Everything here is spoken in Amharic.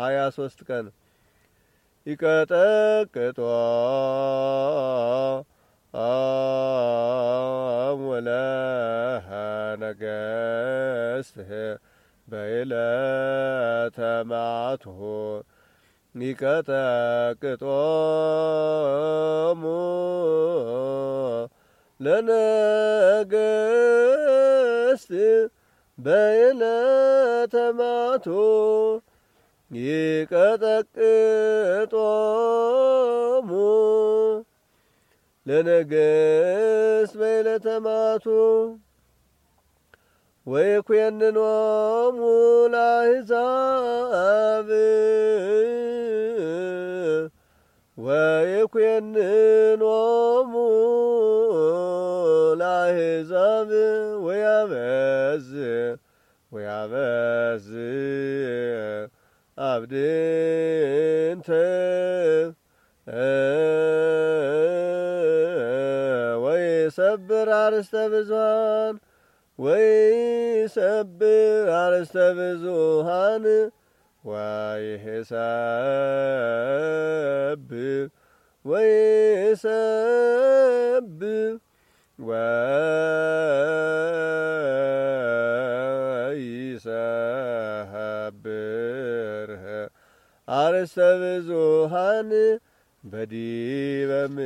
ሀያ ሶስት ቀን ይቀጠቅጧ ወለሃ ነገሥትህ በይለተ መዓትሁ ይቀጠቅጦሙ ለነገሥት ይቀጠቅጦሙ ለነገስ በይለተማቱ ወይ ኩየንኖሙ ወይኮንኖሙ ወይ ኩየንኖሙ ለአሕዛብ ወያበዝ ወያበዝ عبد ويسبر عرست بزوان ويسبر عرست بزوهان ويسبر ويسبر ويسبر ፍቅርህ አርሰ ብዙሃን በዲበ